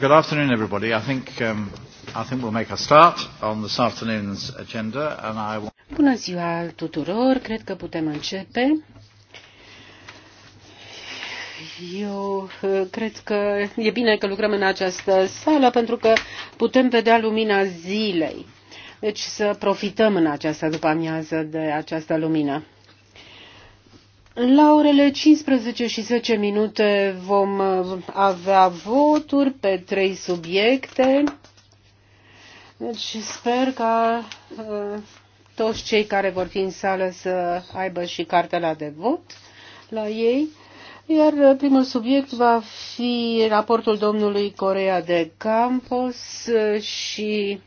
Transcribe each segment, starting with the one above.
Well, good afternoon, everybody. I think, um, I think we'll make a start on this afternoon's agenda, and I will... Bună ziua tuturor, cred că putem începe. Eu uh, cred că e bine că lucrăm în această sală pentru că putem vedea lumina zilei. Deci să profităm în această după amiază de această lumină. La orele 15 și 10 minute vom uh, avea voturi pe trei subiecte. Deci sper ca uh, toți cei care vor fi în sală să aibă și cartela de vot la ei. Iar uh, primul subiect va fi raportul domnului Corea de Campos uh, și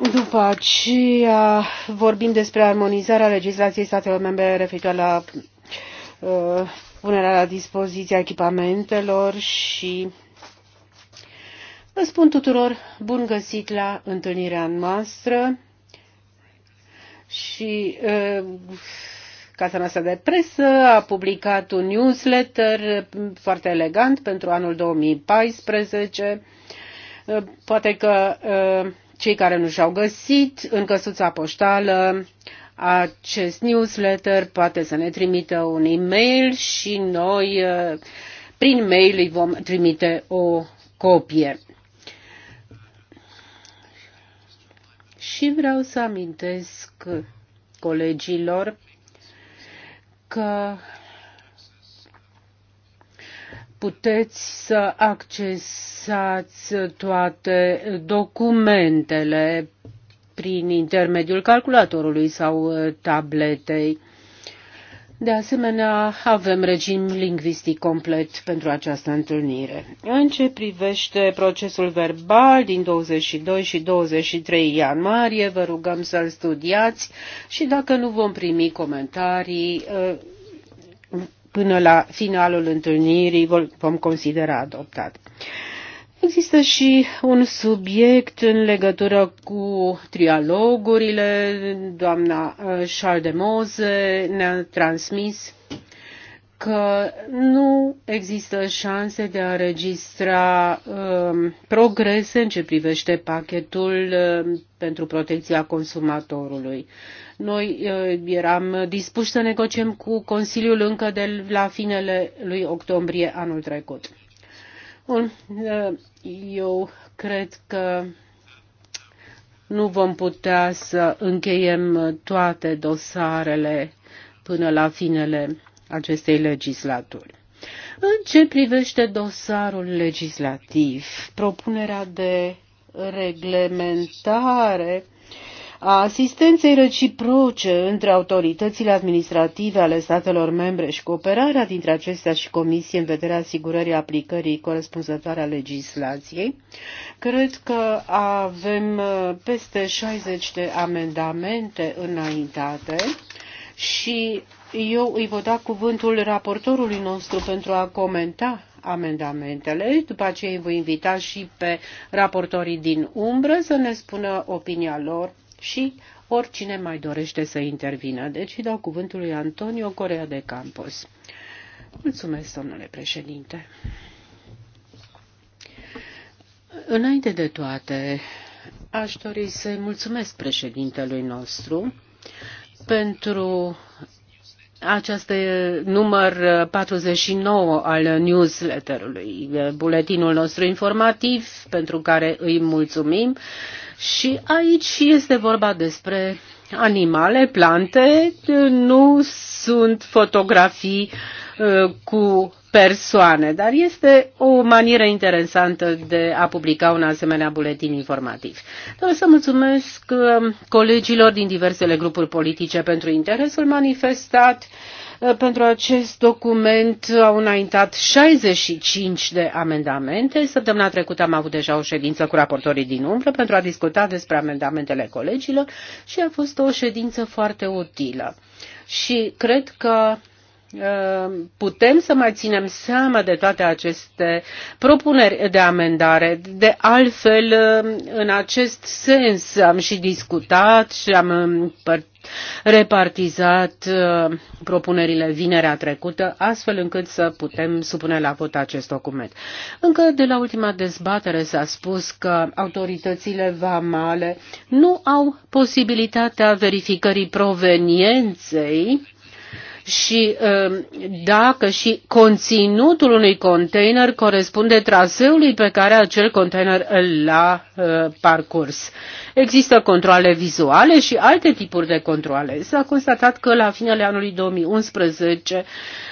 după aceea vorbim despre armonizarea legislației statelor membre referitoare la uh, punerea la dispoziție a echipamentelor și vă spun tuturor bun găsit la întâlnirea noastră și uh, Casa noastră de presă a publicat un newsletter foarte elegant pentru anul 2014. Uh, poate că uh, cei care nu și-au găsit în căsuța poștală acest newsletter poate să ne trimită un e-mail și noi eh, prin mail îi vom trimite o copie. Și vreau să amintesc colegilor că puteți să accesați toate documentele prin intermediul calculatorului sau uh, tabletei. De asemenea, avem regim lingvistic complet pentru această întâlnire. În ce privește procesul verbal din 22 și 23 ianuarie, vă rugăm să-l studiați și dacă nu vom primi comentarii, uh, până la finalul întâlnirii vom considera adoptat. Există și un subiect în legătură cu trialogurile. Doamna uh, Moze ne-a transmis că nu există șanse de a registra um, progrese în ce privește pachetul um, pentru protecția consumatorului. Noi eh, eram dispuși să negociem cu Consiliul încă de la finele lui octombrie anul trecut. Bun, eh, eu cred că nu vom putea să încheiem toate dosarele până la finele acestei legislaturi. În ce privește dosarul legislativ, propunerea de reglementare a asistenței reciproce între autoritățile administrative ale statelor membre și cooperarea dintre acestea și Comisie în vederea asigurării aplicării corespunzătoare a legislației. Cred că avem uh, peste 60 de amendamente înaintate și eu îi voi da cuvântul raportorului nostru pentru a comenta amendamentele, după aceea îi voi invita și pe raportorii din umbră să ne spună opinia lor și oricine mai dorește să intervină. Deci îi dau cuvântul lui Antonio Corea de Campos. Mulțumesc, domnule președinte. Înainte de toate, aș dori să-i mulțumesc președintelui nostru pentru acest număr 49 al newsletterului, buletinul nostru informativ, pentru care îi mulțumim. Și aici este vorba despre animale, plante, nu sunt fotografii uh, Uh, cu persoane, dar este o manieră interesantă de a publica un asemenea buletin informativ. Vreau să mulțumesc uh, colegilor din diversele grupuri politice pentru interesul manifestat. Uh, pentru acest document au înaintat 65 de amendamente. Săptămâna trecută am avut deja o ședință cu raportorii din umbră pentru a discuta despre amendamentele colegilor și a fost o ședință foarte utilă. Și cred că Uh, putem să mai ținem seama de toate aceste propuneri de amendare. De altfel, uh, în acest sens am și discutat și am repartizat uh, propunerile vinerea trecută, astfel încât să putem supune la vot acest document. Încă de la ultima dezbatere s-a spus că autoritățile vamale nu au posibilitatea verificării provenienței și um, dacă și conținutul unui container corespunde traseului pe care acel container îl a uh, parcurs. Există controle vizuale și alte tipuri de controle. S-a constatat că la finele anului 2011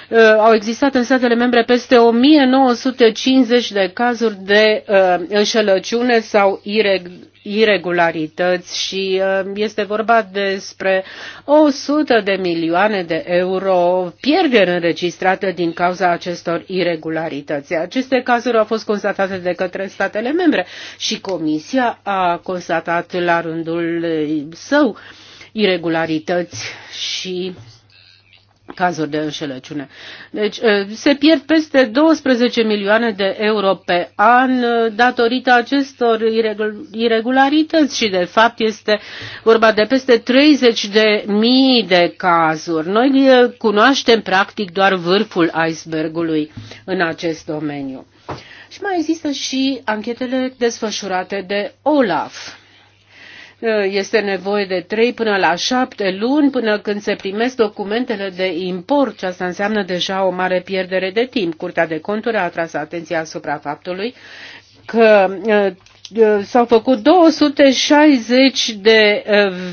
uh, au existat în statele membre peste 1950 de cazuri de uh, înșelăciune sau iregularitate irregularități și uh, este vorba despre 100 de milioane de euro pierderi înregistrate din cauza acestor irregularități. Aceste cazuri au fost constatate de către statele membre și Comisia a constatat la rândul său irregularități și cazuri de înșelăciune. Deci uh, se pierd peste 12 milioane de euro pe an uh, datorită acestor irregularități și de fapt este vorba de peste 30 de mii de cazuri. Noi uh, cunoaștem practic doar vârful icebergului în acest domeniu. Și mai există și anchetele desfășurate de OLAF Eh, este nevoie de 3 până la 7 luni până când se primesc documentele de import și asta înseamnă deja o mare pierdere de timp. Curtea de conturi a atras atenția asupra faptului că eh, eh, s-au făcut 260 de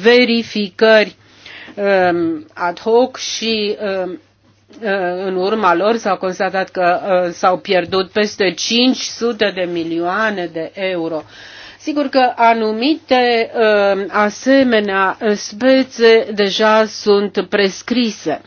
verificări ad hoc și în urma lor s-a constatat că s-au pierdut peste 500 de milioane de euro. Sigur că anumite uh, asemenea spețe deja sunt prescrise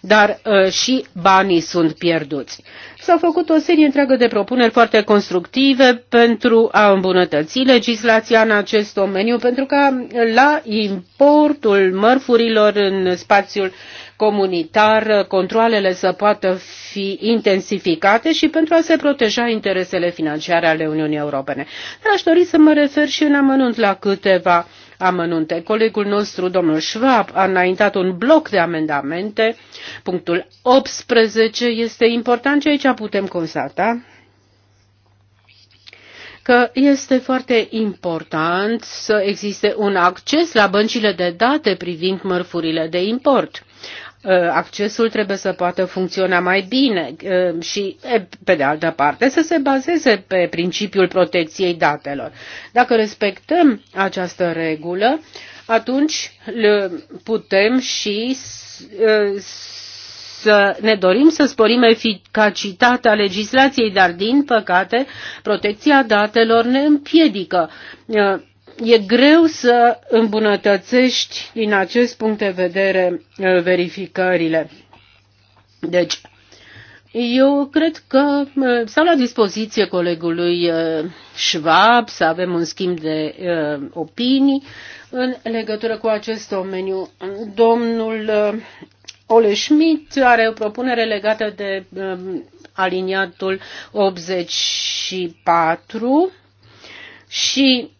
dar uh, și banii sunt pierduți. S-au făcut o serie întreagă de propuneri foarte constructive pentru a îmbunătăți legislația în acest domeniu, pentru ca la importul mărfurilor în spațiul comunitar, controlele să poată fi intensificate și pentru a se proteja interesele financiare ale Uniunii Europene. Dar aș dori să mă refer și în amănunt la câteva amănunte. Colegul nostru, domnul Schwab, a înaintat un bloc de amendamente. Punctul 18 este important și aici putem constata că este foarte important să existe un acces la băncile de date privind mărfurile de import. Uh, accesul trebuie să poată funcționa mai bine uh, și, pe de altă parte, să se bazeze pe principiul protecției datelor. Dacă respectăm această regulă, atunci putem și uh, să ne dorim să sporim eficacitatea legislației, dar, din păcate, protecția datelor ne împiedică e greu să îmbunătățești din acest punct de vedere uh, verificările. Deci, eu cred că uh, stau la dispoziție colegului uh, Schwab să avem un schimb de opinii în legătură cu acest domeniu. Domnul Ole Schmidt are o propunere legată de um, aliniatul 84 și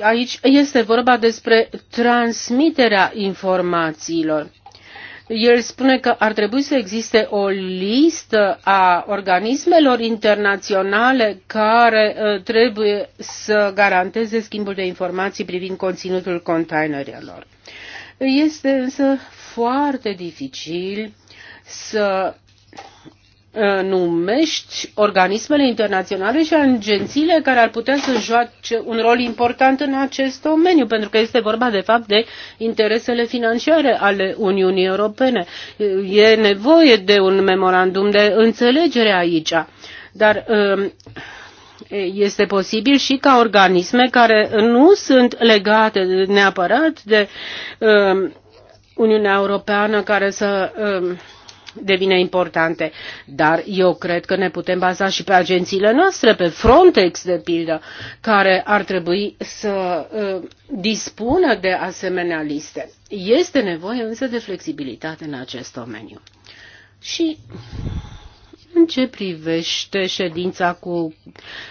aici este vorba despre transmiterea informațiilor. El spune că ar trebui să existe o listă a organismelor internaționale care uh, trebuie să garanteze schimbul de informații privind conținutul containerelor. Este însă foarte dificil să Ă, numești organismele internaționale și agențiile care ar putea să joace un rol important în acest domeniu, pentru că este vorba de fapt de interesele financiare ale Uniunii Europene. E nevoie de un memorandum de înțelegere aici, dar ă, este posibil și ca organisme care nu sunt legate neapărat de ă, Uniunea Europeană care să devine importante. Dar eu cred că ne putem baza și pe agențiile noastre, pe Frontex, de pildă, care ar trebui să uh, dispună de asemenea liste. Este nevoie însă de flexibilitate în acest domeniu. Și în ce privește ședința cu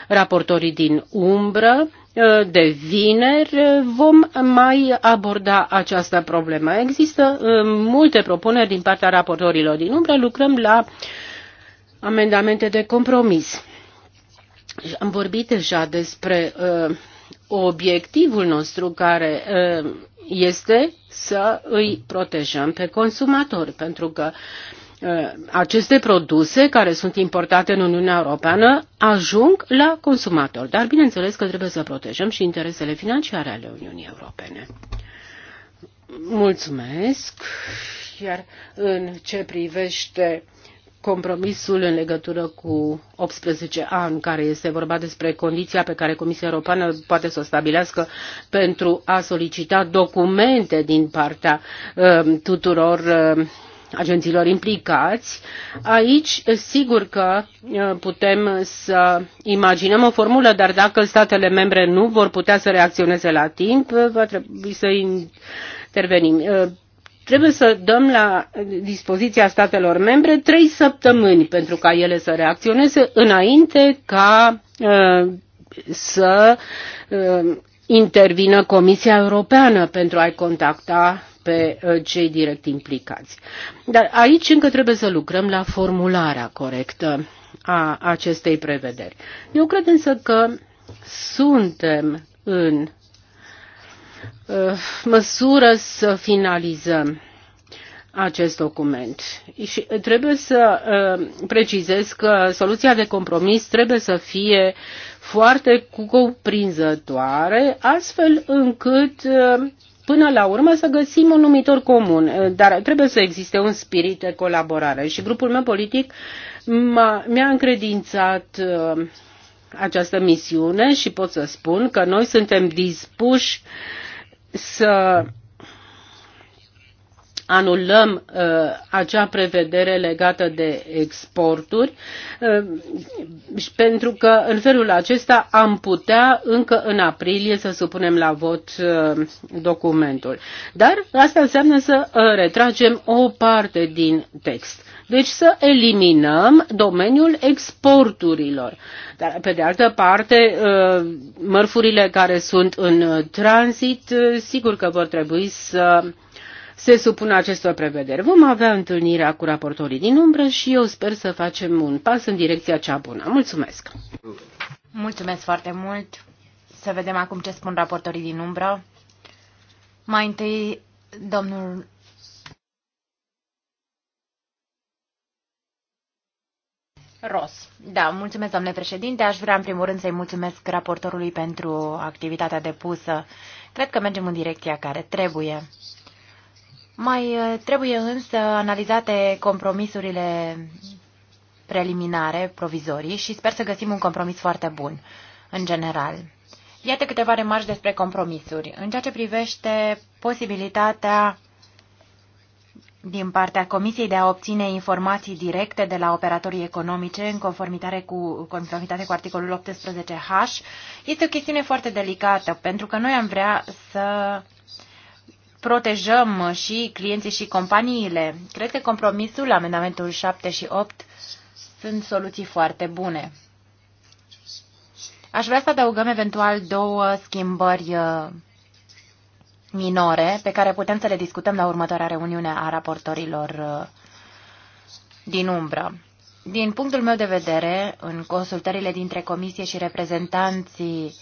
raportorii din umbră, Eh, de vineri eh, vom mai aborda această problemă. Există eh, multe propuneri din partea raportorilor din umbră, lucrăm la amendamente de compromis. Am vorbit deja despre obiectivul nostru care este să îi protejăm pe consumatori, pentru că uh, Uh, aceste produse care sunt importate în Uniunea Europeană ajung la consumator. Dar bineînțeles că trebuie să protejăm și interesele financiare ale Uniunii Europene. Mulțumesc. Iar în ce privește compromisul în legătură cu 18 ani, care este vorba despre condiția pe care Comisia Europeană poate să o stabilească pentru a solicita documente din partea uh, tuturor uh, agenților implicați. Aici, sigur că uh, putem să imaginăm o formulă, dar dacă statele membre nu vor putea să reacționeze la timp, uh, va trebui să intervenim. Uh, trebuie să dăm la dispoziția statelor membre trei săptămâni pentru ca ele să reacționeze înainte ca să intervină Comisia Europeană pentru a-i contacta pe uh, cei direct implicați. Dar aici încă trebuie să lucrăm la formularea corectă a acestei prevederi. Eu cred însă că suntem în uh, măsură să finalizăm acest document. Și trebuie să uh, precizez că soluția de compromis trebuie să fie foarte cuprinzătoare, astfel încât până la urmă să găsim un numitor comun, eh, dar trebuie să existe un spirit de colaborare și grupul meu politic mi-a încredințat eh, această misiune și pot să spun că noi suntem dispuși să anulăm uh, acea prevedere legată de exporturi, uh, pentru că în felul acesta am putea încă în aprilie să supunem la vot uh, documentul. Dar asta înseamnă să uh, retragem o parte din text. Deci să eliminăm domeniul exporturilor. Dar, pe de altă parte, uh, mărfurile care sunt în uh, tranzit, uh, sigur că vor trebui să se supune acestor prevederi. Vom avea întâlnirea cu raportorii din umbră și eu sper să facem un pas în direcția cea bună. Mulțumesc! Mulțumesc foarte mult! Să vedem acum ce spun raportorii din umbră. Mai întâi, domnul Ros. Da, mulțumesc, domnule președinte. Aș vrea, în primul rând, să-i mulțumesc raportorului pentru activitatea depusă. Cred că mergem în direcția care trebuie. Mai uh, trebuie însă analizate compromisurile preliminare, provizorii, și sper să găsim un compromis foarte bun, în general. Iată câteva remarci despre compromisuri. În ceea ce privește posibilitatea din partea Comisiei de a obține informații directe de la operatorii economice în conformitate cu, conformitate cu articolul 18H, este o chestiune foarte delicată, pentru că noi am vrea să protejăm și clienții și companiile. Cred că compromisul, amendamentul 7 și 8, sunt soluții foarte bune. Aș vrea să adăugăm eventual două schimbări uh, minore pe care putem să le discutăm la următoarea reuniune a raportorilor uh, din umbră. Din punctul meu de vedere, în consultările dintre comisie și reprezentanții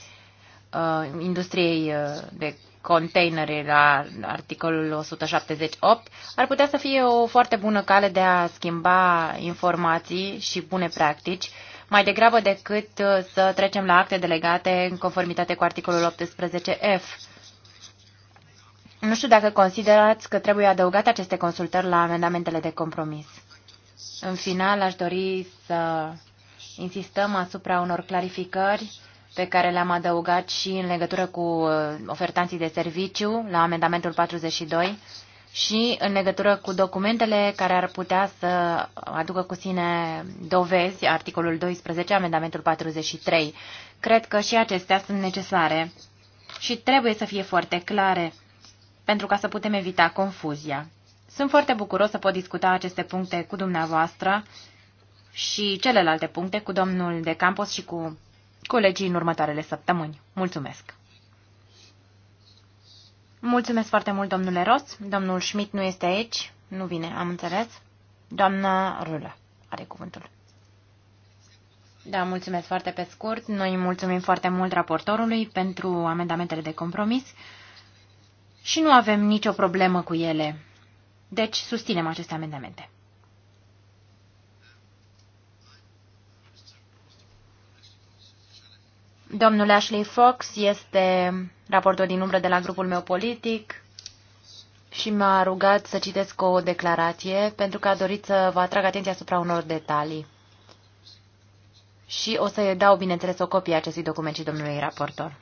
uh, industriei de containere la articolul 178 ar putea să fie o foarte bună cale de a schimba informații și bune practici, mai degrabă decât uh, să trecem la acte delegate în conformitate cu articolul 18F. Nu știu dacă considerați că trebuie adăugate aceste consultări la amendamentele de compromis. În final, aș dori să insistăm asupra unor clarificări pe care le-am adăugat și în legătură cu uh, ofertanții de serviciu la amendamentul 42 și în legătură cu documentele care ar putea să aducă cu sine dovezi, articolul 12, amendamentul 43. Cred că și acestea sunt necesare și trebuie să fie foarte clare pentru ca să putem evita confuzia. Sunt foarte bucuros să pot discuta aceste puncte cu dumneavoastră și celelalte puncte cu domnul de campus și cu colegii în următoarele săptămâni. Mulțumesc! Mulțumesc foarte mult, domnule Ros. Domnul Schmidt nu este aici. Nu vine, am înțeles. Doamna Rulă are cuvântul. Da, mulțumesc foarte pe scurt. Noi mulțumim foarte mult raportorului pentru amendamentele de compromis și nu avem nicio problemă cu ele. Deci, susținem aceste amendamente. Domnul Ashley Fox este raportor din umbră de la grupul meu politic și m-a rugat să citesc o declarație pentru că a dorit să vă atrag atenția asupra unor detalii. Și o să îi dau, bineînțeles, o copie a acestui document și domnului raportor.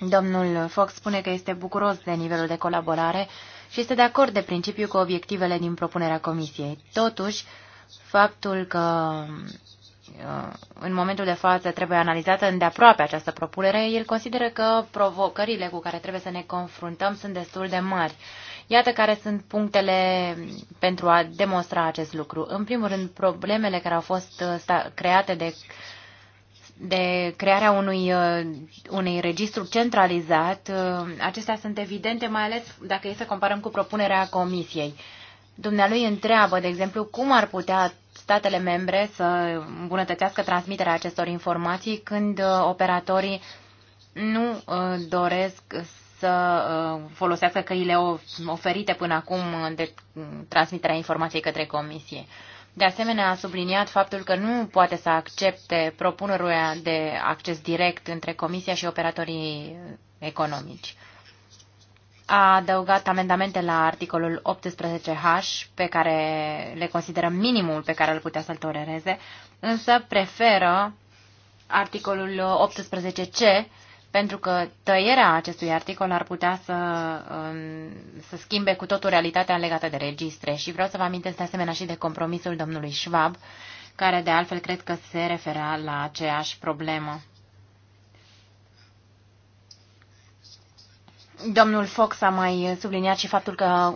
Domnul Fox spune că este bucuros de nivelul de colaborare și este de acord de principiu cu obiectivele din propunerea comisiei. Totuși, faptul că Uh, în momentul de față trebuie analizată îndeaproape această propunere, el consideră că provocările cu care trebuie să ne confruntăm sunt destul de mari. Iată care sunt punctele pentru a demonstra acest lucru. În primul rând, problemele care au fost uh, create de, de crearea unui, uh, unui registru centralizat, acestea sunt evidente, mai ales dacă e să comparăm cu propunerea Comisiei. Dumnealui întreabă, de exemplu, cum ar putea statele membre să îmbunătățească transmiterea acestor informații când uh, operatorii nu uh, doresc să uh, folosească căile oferite până acum de transmiterea informației către Comisie. De asemenea, a subliniat faptul că nu poate să accepte propunerea de acces direct între Comisia și operatorii economici a adăugat amendamente la articolul 18H, pe care le consideră minimul pe care îl putea să-l tolereze, însă preferă articolul 18C, pentru că tăierea acestui articol ar putea să, um, să schimbe cu totul realitatea legată de registre. Și vreau să vă amintesc de asemenea și de compromisul domnului Schwab, care de altfel cred că se referea la aceeași problemă. Domnul Fox a mai subliniat și faptul că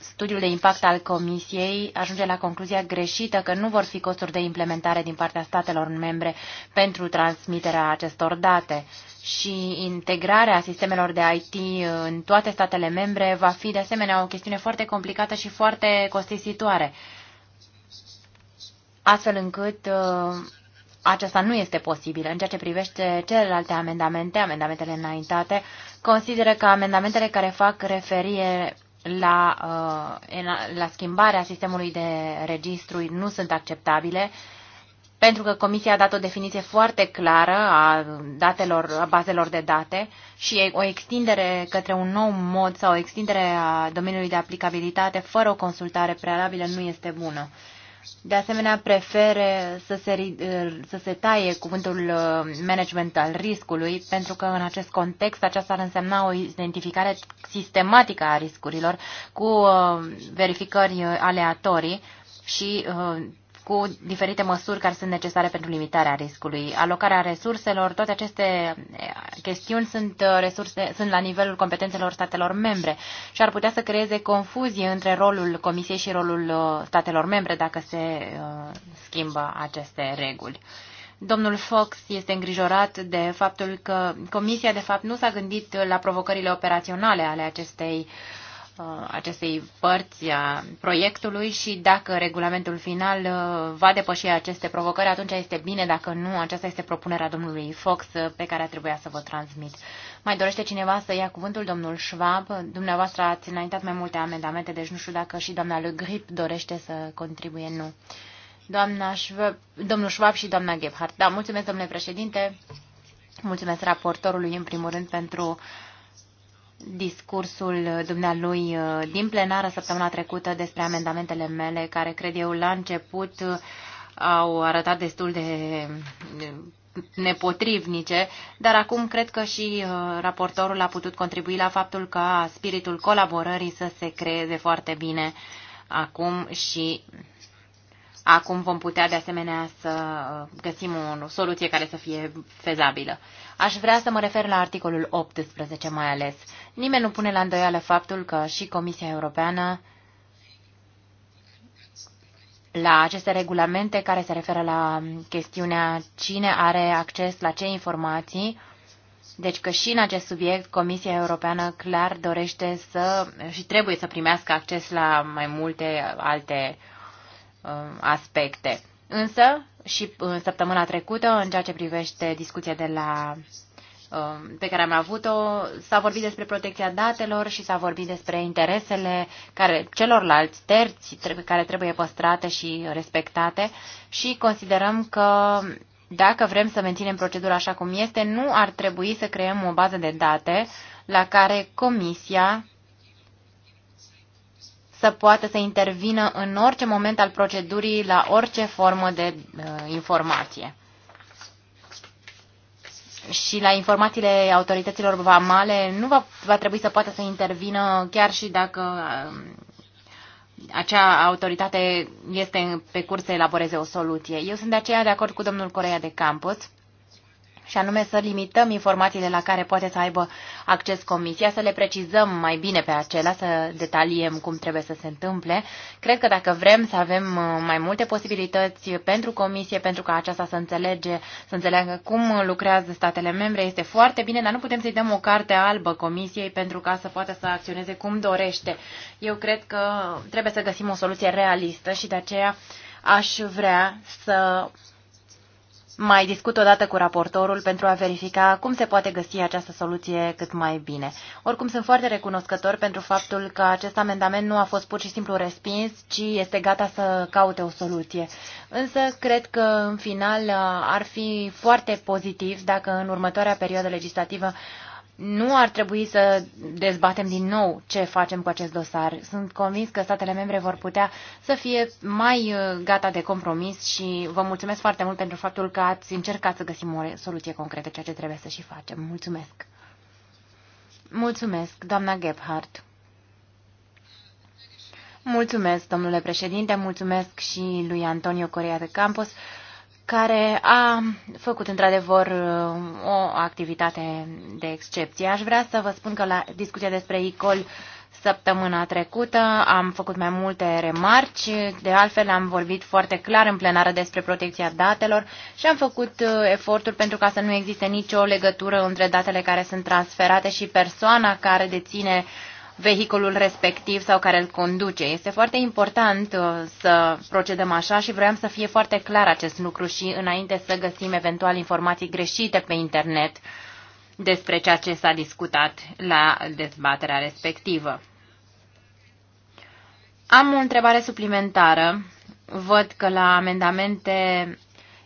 studiul de impact al Comisiei ajunge la concluzia greșită că nu vor fi costuri de implementare din partea statelor membre pentru transmiterea acestor date și integrarea sistemelor de IT în toate statele membre va fi de asemenea o chestiune foarte complicată și foarte costisitoare, astfel încât uh, aceasta nu este posibilă. În ceea ce privește celelalte amendamente, amendamentele înaintate, consideră că amendamentele care fac referire la, uh, la schimbarea sistemului de registru nu sunt acceptabile, pentru că Comisia a dat o definiție foarte clară a datelor, a bazelor de date și o extindere către un nou mod sau o extindere a domeniului de aplicabilitate fără o consultare prealabilă nu este bună. De asemenea, prefere să se, să se taie cuvântul uh, management al riscului, pentru că în acest context aceasta ar însemna o identificare sistematică a riscurilor cu uh, verificări uh, aleatorii și cu diferite măsuri care sunt necesare pentru limitarea riscului. Alocarea resurselor, toate aceste eh, chestiuni sunt, eh, resurse, sunt la nivelul competențelor statelor membre și ar putea să creeze confuzie între rolul Comisiei și rolul eh, statelor membre dacă se schimbă aceste reguli. Domnul Fox este îngrijorat de faptul că Comisia, de fapt, nu s-a gândit la provocările operaționale ale acestei uh, Uh, acestei părți a proiectului și dacă regulamentul final uh, va depăși aceste provocări, atunci este bine, dacă nu, aceasta este propunerea domnului Fox uh, pe care trebuia să vă transmit. Mai dorește cineva să ia cuvântul, domnul Schwab? Dumneavoastră ați înaintat mai multe amendamente, deci nu știu dacă și doamna Le Grip dorește să contribuie, nu. Doamna Schwab, domnul Schwab și doamna Gebhardt. Da, mulțumesc, domnule președinte. Mulțumesc raportorului, în primul rând, pentru uh, discursul dumnealui uh, din plenară săptămâna trecută despre amendamentele mele, care cred eu la început uh, au arătat destul de nepotrivnice, dar acum cred că și uh, raportorul a putut contribui la faptul ca spiritul colaborării să se creeze foarte bine acum și Acum vom putea de asemenea să uh, găsim o soluție care să fie fezabilă. Aș vrea să mă refer la articolul 18 mai ales. Nimeni nu pune la îndoială faptul că și Comisia Europeană la aceste regulamente care se referă la chestiunea cine are acces la ce informații, deci că și în acest subiect Comisia Europeană clar dorește să și trebuie să primească acces la mai multe alte Uh, aspecte. Însă, și în uh, săptămâna trecută, în ceea ce privește discuția de la uh, pe care am avut-o, s-a vorbit despre protecția datelor și s-a vorbit despre interesele care, celorlalți terți care trebuie păstrate și respectate și considerăm că dacă vrem să menținem procedura așa cum este, nu ar trebui să creăm o bază de date la care Comisia să poată să intervină în orice moment al procedurii la orice formă de uh, informație. Și la informațiile autorităților vamale nu va, va trebui să poată să intervină chiar și dacă uh, acea autoritate este pe curs să elaboreze o soluție. Eu sunt de aceea de acord cu domnul Corea de Campos și anume să limităm informațiile la care poate să aibă acces comisia, să le precizăm mai bine pe acelea, să detaliem cum trebuie să se întâmple. Cred că dacă vrem să avem uh, mai multe posibilități pentru comisie, pentru ca aceasta să, înțelege, să înțeleagă cum lucrează statele membre, este foarte bine, dar nu putem să-i dăm o carte albă comisiei pentru ca să poată să acționeze cum dorește. Eu cred că trebuie să găsim o soluție realistă și de aceea aș vrea să mai discut odată cu raportorul pentru a verifica cum se poate găsi această soluție cât mai bine. Oricum sunt foarte recunoscător pentru faptul că acest amendament nu a fost pur și simplu respins, ci este gata să caute o soluție. Însă cred că în final ar fi foarte pozitiv dacă în următoarea perioadă legislativă nu ar trebui să dezbatem din nou ce facem cu acest dosar. Sunt convins că statele membre vor putea să fie mai uh, gata de compromis și vă mulțumesc foarte mult pentru faptul că ați încercat să găsim o soluție concretă, ceea ce trebuie să și facem. Mulțumesc! Mulțumesc, doamna Gebhardt! Mulțumesc, domnule președinte, mulțumesc și lui Antonio Corea de Campos care a făcut într-adevăr uh, o activitate de excepție. Aș vrea să vă spun că la discuția despre ICOL săptămâna trecută am făcut mai multe remarci, de altfel am vorbit foarte clar în plenară despre protecția datelor și am făcut uh, eforturi pentru ca să nu existe nicio legătură între datele care sunt transferate și persoana care deține uh, vehiculul respectiv sau care îl conduce. Este foarte important uh, să procedăm așa și vreau să fie foarte clar acest lucru și înainte să găsim eventual informații greșite pe internet despre ceea ce s-a discutat la dezbaterea respectivă. Am o întrebare suplimentară. Văd că la amendamente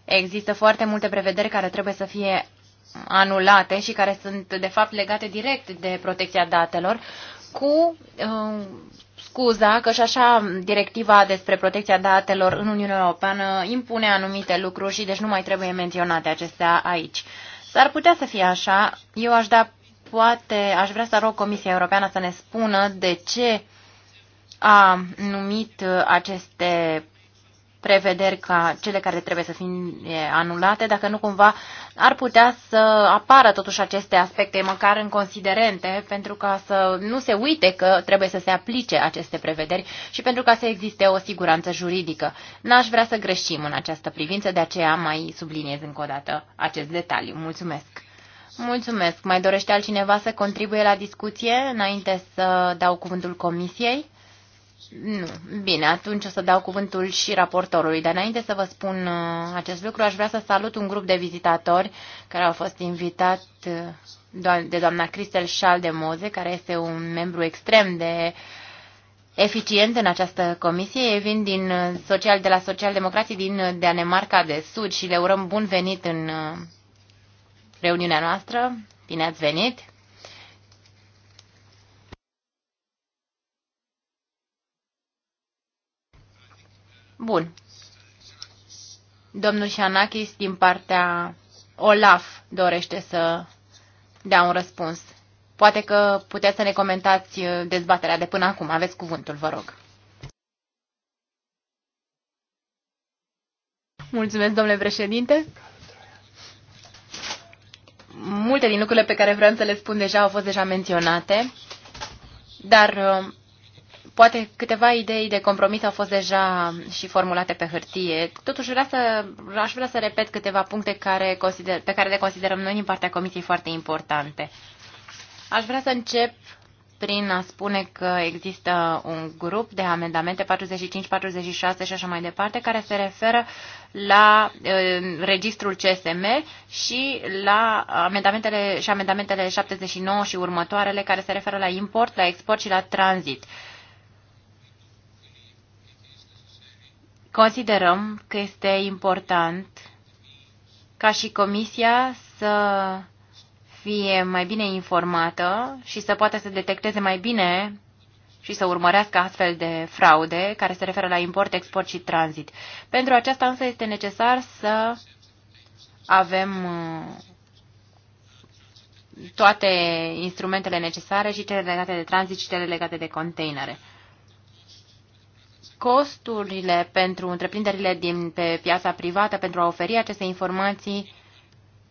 există foarte multe prevederi care trebuie să fie anulate și care sunt de fapt legate direct de protecția datelor, cu uh, scuza că și așa directiva despre protecția datelor în Uniunea Europeană impune anumite lucruri și deci nu mai trebuie menționate acestea aici. S-ar putea să fie așa. Eu aș da, poate, aș vrea să rog Comisia Europeană să ne spună de ce a numit uh, aceste prevederi ca cele care trebuie să fie anulate, dacă nu cumva ar putea să apară totuși aceste aspecte, măcar în considerente, pentru ca să nu se uite că trebuie să se aplice aceste prevederi și pentru ca să existe o siguranță juridică. N-aș vrea să greșim în această privință, de aceea mai subliniez încă o dată acest detaliu. Mulțumesc! Mulțumesc! Mai dorește altcineva să contribuie la discuție înainte să dau cuvântul comisiei? Nu. Bine, atunci o să dau cuvântul și raportorului. Dar înainte să vă spun uh, acest lucru, aș vrea să salut un grup de vizitatori care au fost invitat uh, de doamna Cristel Șalde-Moze, care este un membru extrem de eficient în această comisie. Ei vin din uh, social, de la socialdemocrații din Danemarca de Sud și le urăm bun venit în reuniunea noastră. Bine ați venit! Bun. Domnul Șanachis, din partea Olaf, dorește să dea un răspuns. Poate că puteți să ne comentați uh, dezbaterea de până acum. Aveți cuvântul, vă rog. Mulțumesc, domnule președinte. Multe din lucrurile pe care vreau să le spun deja au fost deja menționate, dar uh, Poate câteva idei de compromis au fost deja și formulate pe hârtie. Totuși vrea să, aș vrea să repet câteva puncte care consider, pe care le considerăm noi din partea Comisiei foarte importante. Aș vrea să încep prin a spune că există un grup de amendamente 45, 46 și așa mai departe, care se referă la uh, registrul CSM și la amendamentele și amendamentele 79 și următoarele care se referă la import, la export și la tranzit. Uh, Considerăm că este important ca și Comisia să fie mai bine informată și să poată să detecteze mai bine și să urmărească astfel de fraude care se referă la import, export și tranzit. Pentru aceasta însă este necesar să avem uh, toate instrumentele necesare și cele legate de tranzit și cele legate de containere costurile pentru întreprinderile din pe piața privată pentru a oferi aceste informații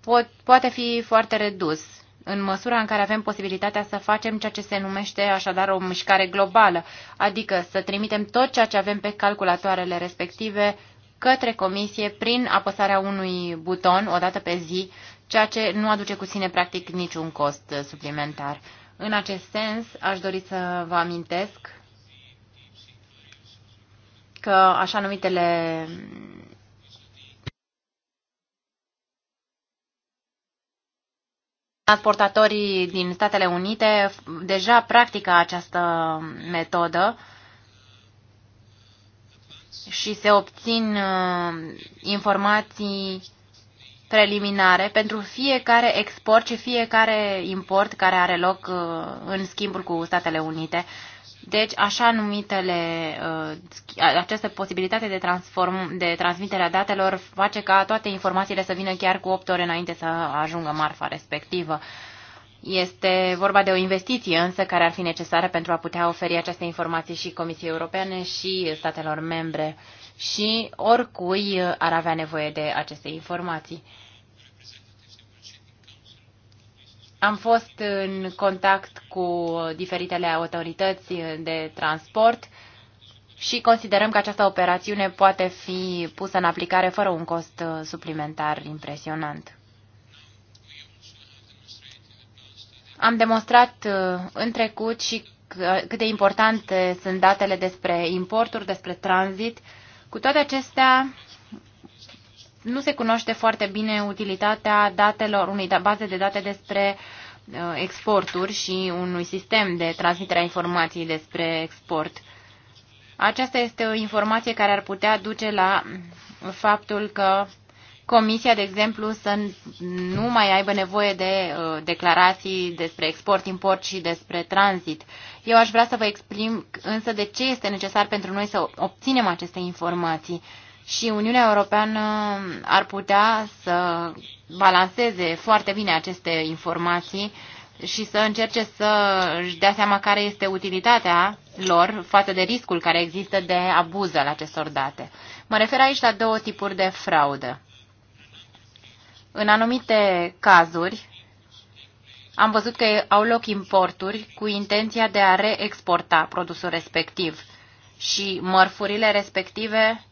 pot, poate fi foarte redus, în măsura în care avem posibilitatea să facem ceea ce se numește așadar o mișcare globală, adică să trimitem tot ceea ce avem pe calculatoarele respective către comisie prin apăsarea unui buton o dată pe zi, ceea ce nu aduce cu sine practic niciun cost suplimentar. În acest sens, aș dori să vă amintesc că așa numitele transportatorii din Statele Unite deja practică această metodă și se obțin uh, informații preliminare pentru fiecare export și fiecare import care are loc uh, în schimbul cu Statele Unite deci, așa numitele, uh, această posibilitate de, transform, de transmitere a datelor face ca toate informațiile să vină chiar cu 8 ore înainte să ajungă marfa respectivă. Este vorba de o investiție însă care ar fi necesară pentru a putea oferi aceste informații și Comisiei Europene și statelor membre și oricui ar avea nevoie de aceste informații. Am fost în contact cu diferitele autorități de transport și considerăm că această operațiune poate fi pusă în aplicare fără un cost suplimentar impresionant. Am demonstrat uh, în trecut și cât de importante sunt datele despre importuri, despre tranzit. Cu toate acestea, nu se cunoaște foarte bine utilitatea datelor, unei da, baze de date despre uh, exporturi și unui sistem de transmitere a informației despre export. Aceasta este o informație care ar putea duce la mm, faptul că Comisia, de exemplu, să nu mai aibă nevoie de uh, declarații despre export, import și despre tranzit. Eu aș vrea să vă exprim însă de ce este necesar pentru noi să obținem aceste informații și Uniunea Europeană ar putea să balanceze foarte bine aceste informații și să încerce să își dea seama care este utilitatea lor față de riscul care există de abuz al acestor date. Mă refer aici la două tipuri de fraudă. În anumite cazuri, am văzut că au loc importuri cu intenția de a reexporta produsul respectiv și mărfurile respective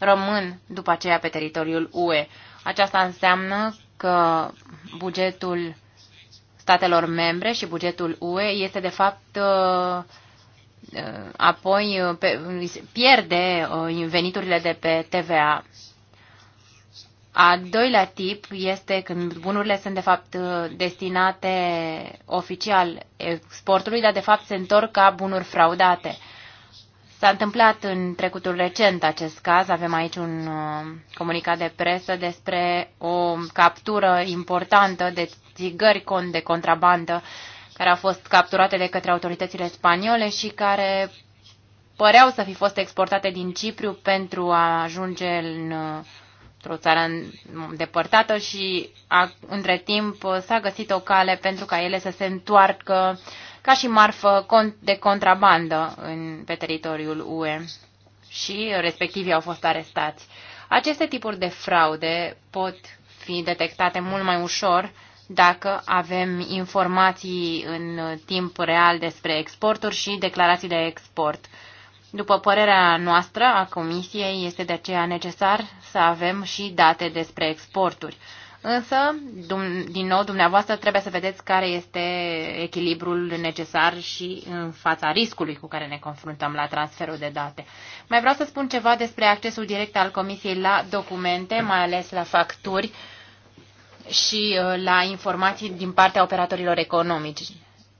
rămân după aceea pe teritoriul UE. Aceasta înseamnă că bugetul statelor membre și bugetul UE este de fapt uh, uh, apoi uh, pierde veniturile de pe TVA. A doilea tip este când bunurile sunt de fapt destinate oficial exportului, dar de fapt se întorc ca bunuri fraudate. S-a întâmplat în trecutul recent acest caz. Avem aici un uh, comunicat de presă despre o captură importantă de țigări de contrabandă care au fost capturate de către autoritățile spaniole și care păreau să fi fost exportate din Cipru pentru a ajunge în uh, într-o țară îndepărtată și a, între timp s-a găsit o cale pentru ca ele să se întoarcă uh, ca și marfă de contrabandă în, pe teritoriul UE și respectivii au fost arestați. Aceste tipuri de fraude pot fi detectate mult mai ușor dacă avem informații în timp real despre exporturi și declarații de export. După părerea noastră a Comisiei, este de aceea necesar să avem și date despre exporturi. Însă, din nou, dumneavoastră trebuie să vedeți care este echilibrul necesar și în fața riscului cu care ne confruntăm la transferul de date. Mai vreau să spun ceva despre accesul direct al Comisiei la documente, mai ales la facturi și uh, la informații din partea operatorilor economici.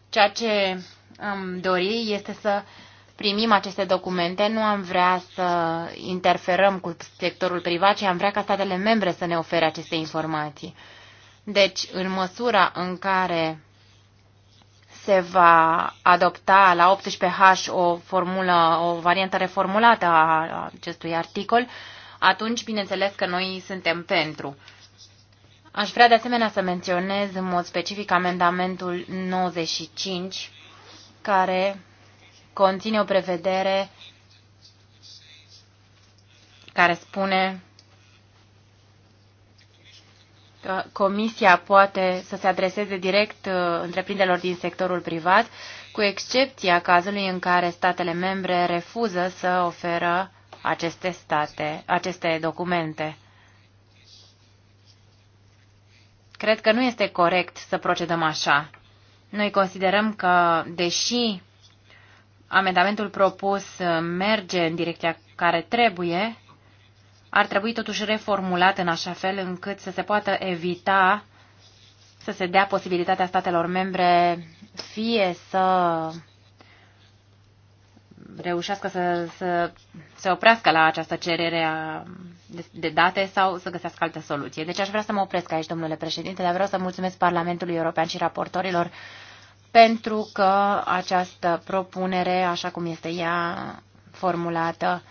Ceea ce am dori este să uh, primim aceste documente, nu am vrea să interferăm cu sectorul privat, ci am vrea ca statele membre să ne ofere aceste informații. Deci, în măsura în care se va adopta la 18H o formulă, o variantă reformulată a acestui articol, atunci, bineînțeles că noi suntem pentru. Aș vrea de asemenea să menționez în mod specific amendamentul 95, care conține o prevedere care spune că Comisia poate să se adreseze direct uh, întreprinderilor din sectorul privat, cu excepția cazului în care statele membre refuză să oferă aceste, state, aceste documente. Cred că nu este corect să procedăm așa. Noi considerăm că, deși amendamentul propus uh, merge în direcția care trebuie, ar trebui totuși reformulat în așa fel încât să se poată evita să se dea posibilitatea statelor membre fie să reușească să, să se oprească la această cerere a, de, de date sau să găsească altă soluție. Deci aș vrea să mă opresc aici, domnule președinte, dar vreau să mulțumesc Parlamentului European și raportorilor pentru că această propunere, așa cum este ea formulată,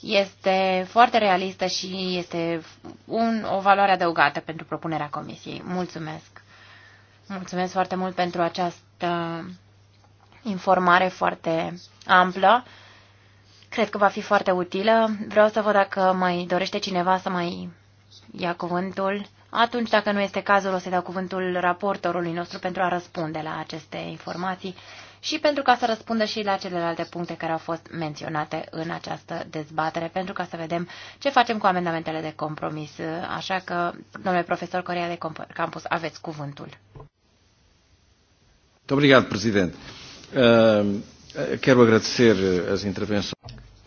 este foarte realistă și este un, o valoare adăugată pentru propunerea Comisiei. Mulțumesc! Mulțumesc foarte mult pentru această informare foarte amplă. Cred că va fi foarte utilă. Vreau să văd dacă mai dorește cineva să mai ia cuvântul. Atunci, dacă nu este cazul, o să dau cuvântul raportorului nostru pentru a răspunde la aceste informații și pentru ca să răspundă și la celelalte puncte care au fost menționate în această dezbatere, pentru ca să vedem ce facem cu amendamentele de compromis. Așa că, domnule profesor Corea de Campus, aveți cuvântul. Obrigado, președinte. Uh, eh, vă eh, agradecer as intervenções.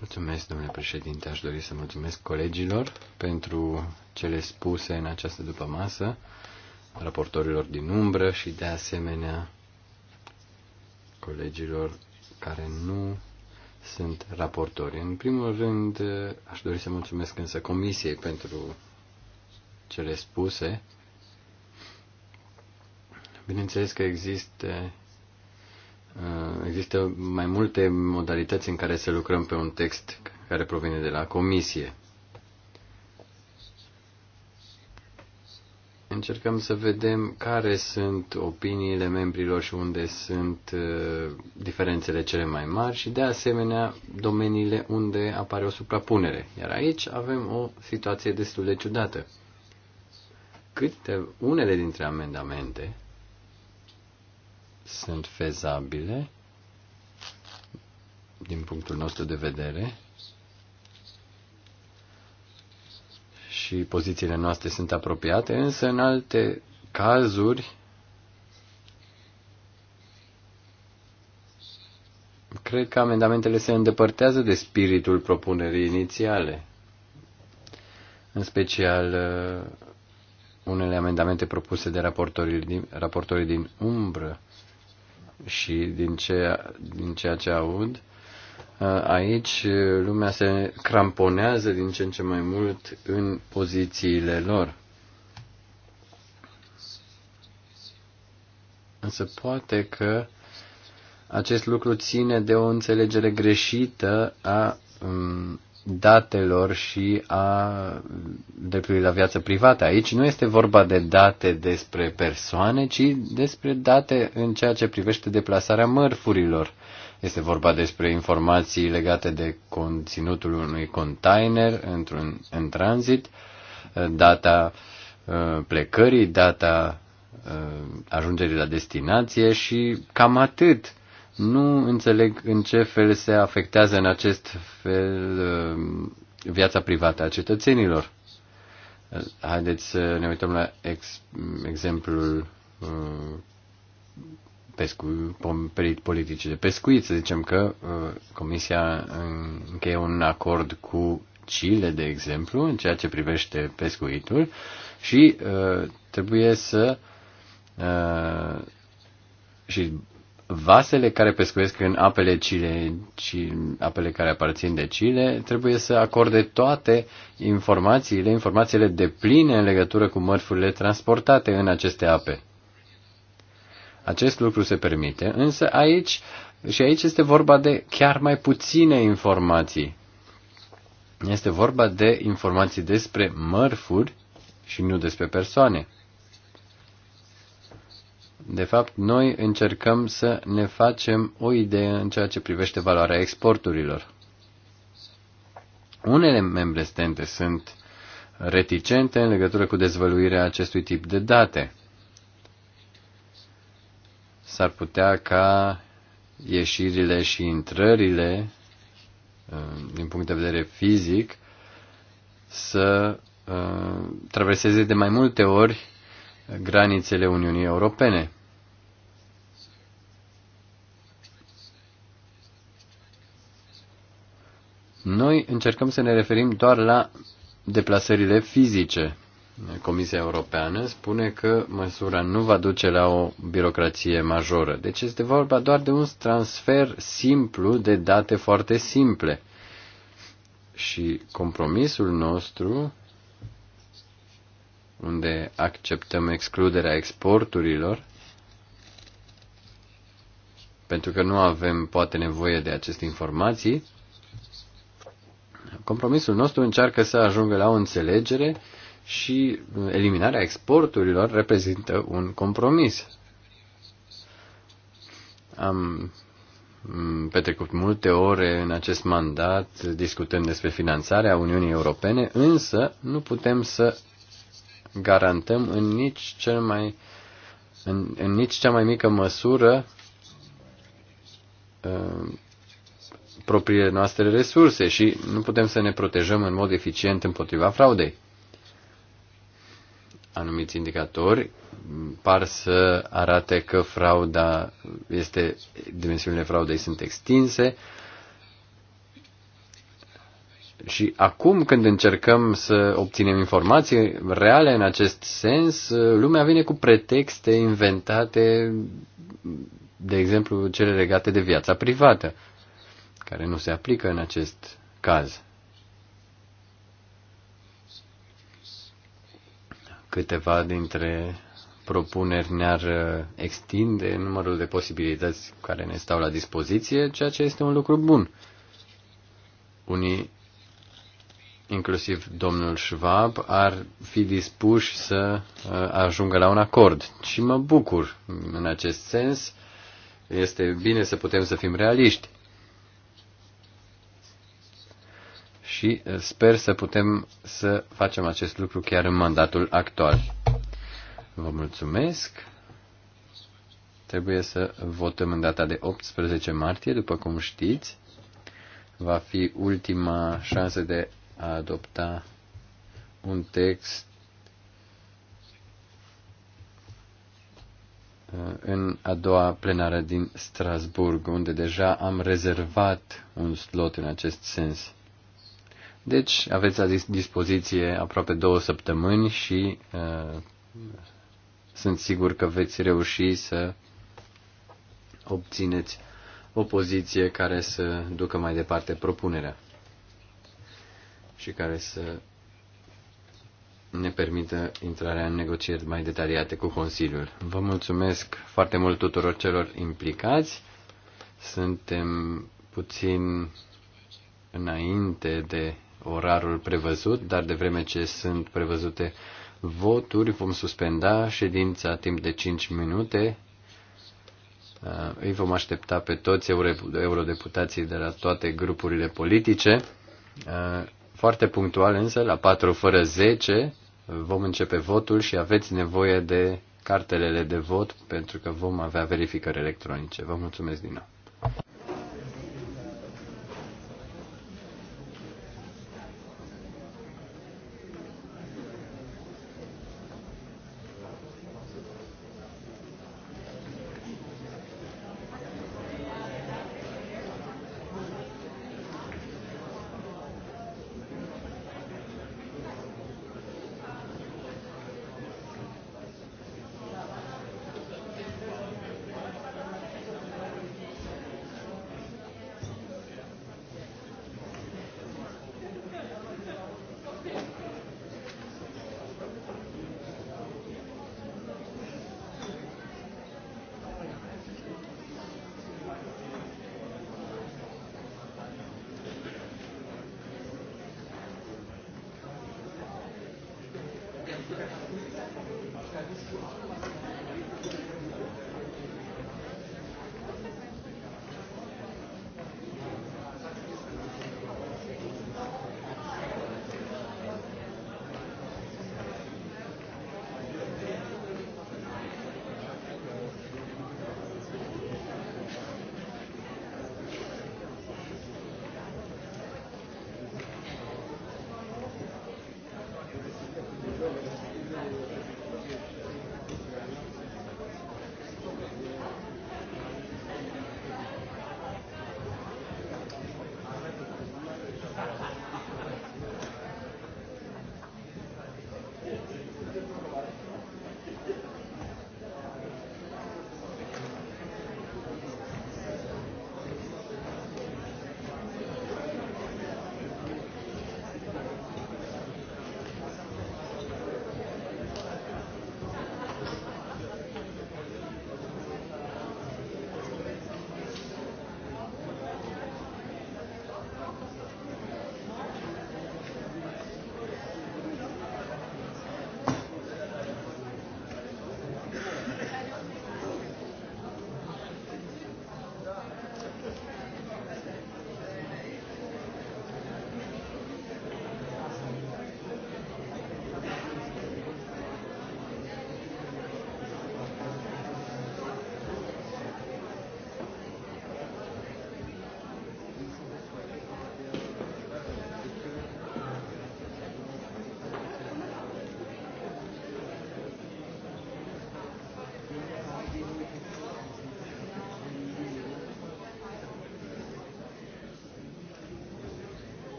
Mulțumesc, domnule președinte. Aș dori să mulțumesc colegilor pentru cele spuse în această dupămasă, raportorilor din umbră și, de asemenea, colegilor care nu sunt raportori. În primul rând, aș dori să mulțumesc însă comisiei pentru cele spuse. Bineînțeles că există Uh, există mai multe modalități în care să lucrăm pe un text care provine de la comisie. Încercăm să vedem care sunt opiniile membrilor și unde sunt uh, diferențele cele mai mari și, de asemenea, domeniile unde apare o suprapunere. Iar aici avem o situație destul de ciudată. Câte unele dintre amendamente sunt fezabile din punctul nostru de vedere și pozițiile noastre sunt apropiate, însă în alte cazuri cred că amendamentele se îndepărtează de spiritul propunerii inițiale. În special uh, unele amendamente propuse de raportorii din, raportorii din umbră și din, ce, din ceea ce aud, uh, aici lumea se cramponează din ce în ce mai mult în pozițiile lor. Însă poate că acest lucru ține de o înțelegere greșită a um, datelor și a dreptului la viață privată. Aici nu este vorba de date despre persoane, ci despre date în ceea ce privește deplasarea mărfurilor. Este vorba despre informații legate de conținutul unui container într-un, în tranzit, data uh, plecării, data uh, ajungerii la destinație și cam atât nu înțeleg în ce fel se afectează în acest fel uh, viața privată a cetățenilor. Uh, haideți să ne uităm la ex, exemplul uh, pescu, politicii de pescuit. Să zicem că Comisia încheie un acord cu Chile, de exemplu, în ceea ce privește pescuitul și trebuie să și vasele care pescuiesc în apele, Chile, ci, apele care aparțin de Chile trebuie să acorde toate informațiile, informațiile de pline în legătură cu mărfurile transportate în aceste ape. Acest lucru se permite, însă aici și aici este vorba de chiar mai puține informații. Este vorba de informații despre mărfuri și nu despre persoane. De fapt, noi încercăm să ne facem o idee în ceea ce privește valoarea exporturilor. Unele membre stente sunt reticente în legătură cu dezvăluirea acestui tip de date. S-ar putea ca ieșirile și intrările uh, din punct de vedere fizic să uh, traverseze de mai multe ori granițele Uniunii Europene. Noi încercăm să ne referim doar la deplasările fizice. Comisia Europeană spune că măsura nu va duce la o birocrație majoră. Deci este vorba doar de un transfer simplu de date foarte simple. Și compromisul nostru, unde acceptăm excluderea exporturilor, pentru că nu avem poate nevoie de aceste informații, Compromisul nostru încearcă să ajungă la o înțelegere și eliminarea exporturilor reprezintă un compromis. Am petrecut multe ore în acest mandat discutând despre finanțarea Uniunii Europene, însă nu putem să garantăm în nici, cel mai, în, în nici cea mai mică măsură uh, propriile noastre resurse și nu putem să ne protejăm în mod eficient împotriva fraudei. Anumiți indicatori par să arate că frauda este, dimensiunile fraudei sunt extinse, și acum când încercăm să obținem informații reale în acest sens, lumea vine cu pretexte inventate, de exemplu cele legate de viața privată care nu se aplică în acest caz. Câteva dintre propuneri ne-ar uh, extinde numărul de posibilități care ne stau la dispoziție, ceea ce este un lucru bun. Unii, inclusiv domnul Schwab, ar fi dispuși să uh, ajungă la un acord și mă bucur în acest sens. Este bine să putem să fim realiști. și eh, sper să putem să facem acest lucru chiar în mandatul actual. Vă mulțumesc. Trebuie să votăm în data de 18 martie, după cum știți. Va fi ultima șansă de a adopta un text eh, în a doua plenară din Strasburg, unde deja am rezervat un slot în acest sens. Deci aveți la dispoziție aproape două săptămâni și uh, sunt sigur că veți reuși să obțineți o poziție care să ducă mai departe propunerea și care să ne permită intrarea în negocieri mai detaliate cu Consiliul. Vă mulțumesc foarte mult tuturor celor implicați. Suntem puțin înainte de orarul prevăzut, dar de vreme ce sunt prevăzute voturi, vom suspenda ședința timp de 5 minute. Uh, îi vom aștepta pe toți eurodeputații de la toate grupurile politice. Uh, foarte punctual însă, la 4 fără 10 vom începe votul și aveți nevoie de cartelele de vot pentru că vom avea verificări electronice. Vă mulțumesc din nou.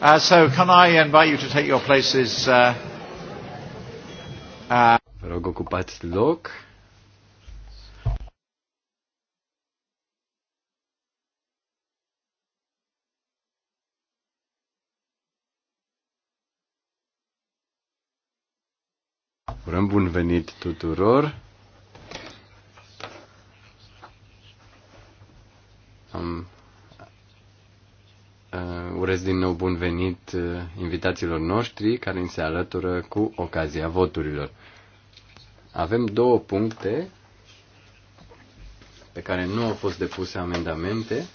Uh, so can I invite you to take your places? Uh, uh... Vă rog, ocupați loc. bun venit tuturor. urez din nou bun venit uh, invitațiilor noștri care ni se alătură cu ocazia voturilor. Avem două puncte pe care nu au fost depuse amendamente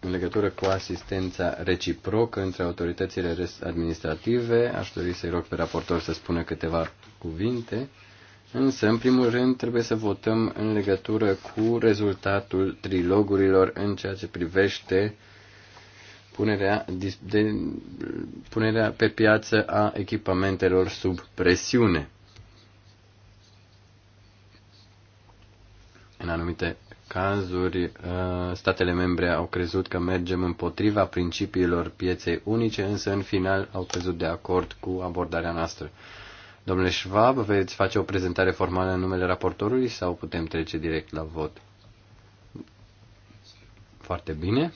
în legătură cu asistența reciprocă între autoritățile administrative. Aș dori să-i rog pe raportor să spună câteva cuvinte. Însă, în primul rând, trebuie să votăm în legătură cu rezultatul trilogurilor în ceea ce privește punerea, de, punerea pe piață a echipamentelor sub presiune. În anumite cazuri, ă, statele membre au crezut că mergem împotriva principiilor pieței unice, însă în final au crezut de acord cu abordarea noastră. Domnule Schwab, veți face o prezentare formală în numele raportorului sau putem trece direct la vot? Foarte bine.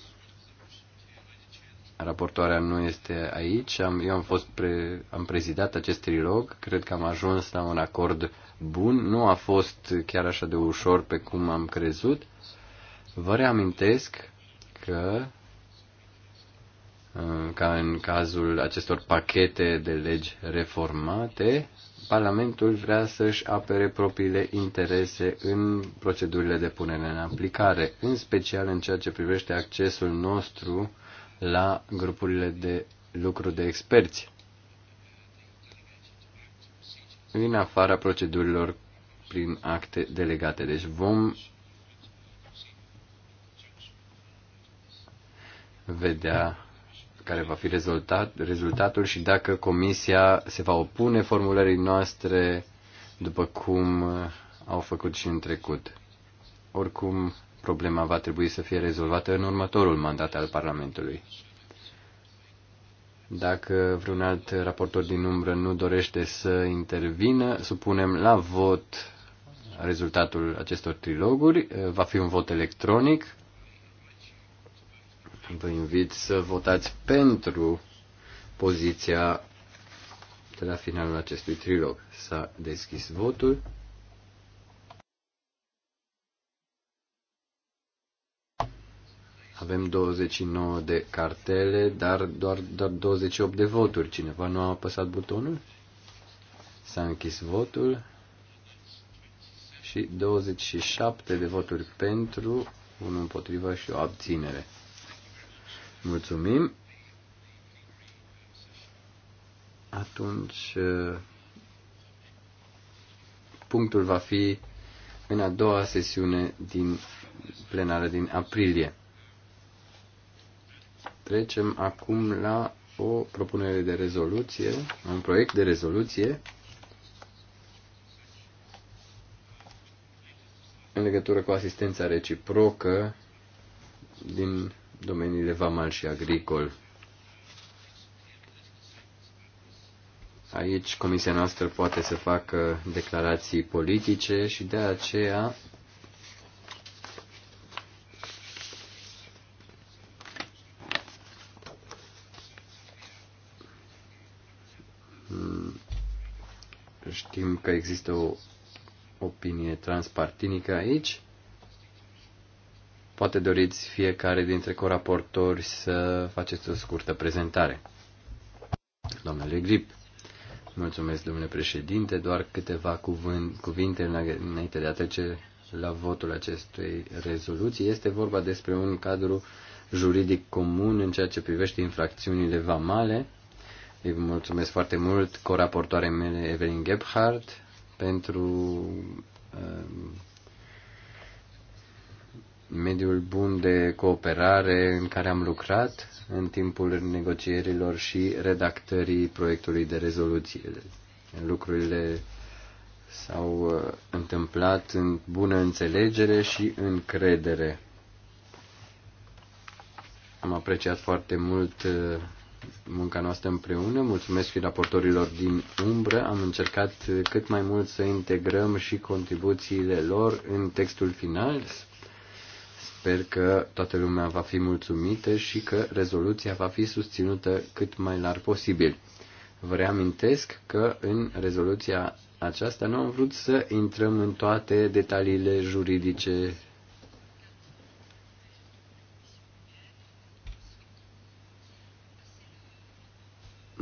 Raportoarea nu este aici. Am, eu am, fost pre, am prezidat acest trilog. Cred că am ajuns la un acord bun. Nu a fost chiar așa de ușor pe cum am crezut. Vă reamintesc că uh, ca în cazul acestor pachete de legi reformate, Parlamentul vrea să-și apere propriile interese în procedurile de punere în aplicare, în special în ceea ce privește accesul nostru la grupurile de lucru de experți, în afara procedurilor prin acte delegate. Deci vom vedea care va fi rezultat, rezultatul și dacă comisia se va opune formulării noastre după cum au făcut și în trecut. Oricum, problema va trebui să fie rezolvată în următorul mandat al Parlamentului. Dacă vreun alt raportor din umbră nu dorește să intervină, supunem la vot rezultatul acestor triloguri. Va fi un vot electronic vă invit să votați pentru poziția de la finalul acestui trilog. S-a deschis votul. Avem 29 de cartele, dar doar, doar 28 de voturi. Cineva nu a apăsat butonul? S-a închis votul și 27 de voturi pentru, unul împotriva și o abținere. Mulțumim. Atunci, uh, punctul va fi în a doua sesiune din plenară din aprilie. Trecem acum la o propunere de rezoluție, un proiect de rezoluție în legătură cu asistența reciprocă din domeniile vamal și agricol. Aici comisia noastră poate să facă declarații politice și de aceea știm că există o opinie transpartinică aici. Poate doriți fiecare dintre coraportori să faceți o scurtă prezentare. Domnule Grip, mulțumesc, domnule președinte, doar câteva cuvinte înainte de a trece la votul acestei rezoluții. Este vorba despre un cadru juridic comun în ceea ce privește infracțiunile vamale. Îi mulțumesc foarte mult coraportoarei mele, Evelyn Gebhardt, pentru uh, mediul bun de cooperare în care am lucrat în timpul negocierilor și redactării proiectului de rezoluție. Lucrurile s-au uh, întâmplat în bună înțelegere și încredere. Am apreciat foarte mult uh, munca noastră împreună. Mulțumesc și raportorilor din umbră. Am încercat uh, cât mai mult să integrăm și contribuțiile lor în textul final. Sper că toată lumea va fi mulțumită și că rezoluția va fi susținută cât mai larg posibil. Vă reamintesc că în rezoluția aceasta nu am vrut să intrăm în toate detaliile juridice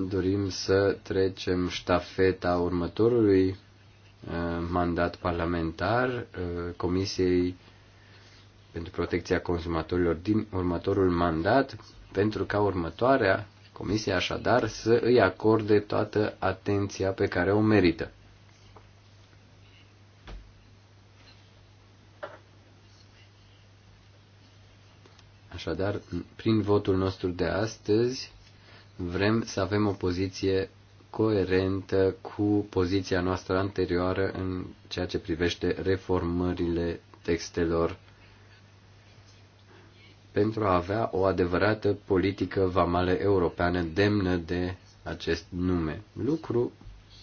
dorim să trecem ștafeta următorului uh, mandat parlamentar uh, Comisiei pentru protecția consumatorilor din următorul mandat, pentru ca următoarea comisie așadar să îi acorde toată atenția pe care o merită. Așadar, prin votul nostru de astăzi, vrem să avem o poziție coerentă cu poziția noastră anterioară în ceea ce privește reformările textelor pentru a avea o adevărată politică vamală europeană demnă de acest nume. Lucru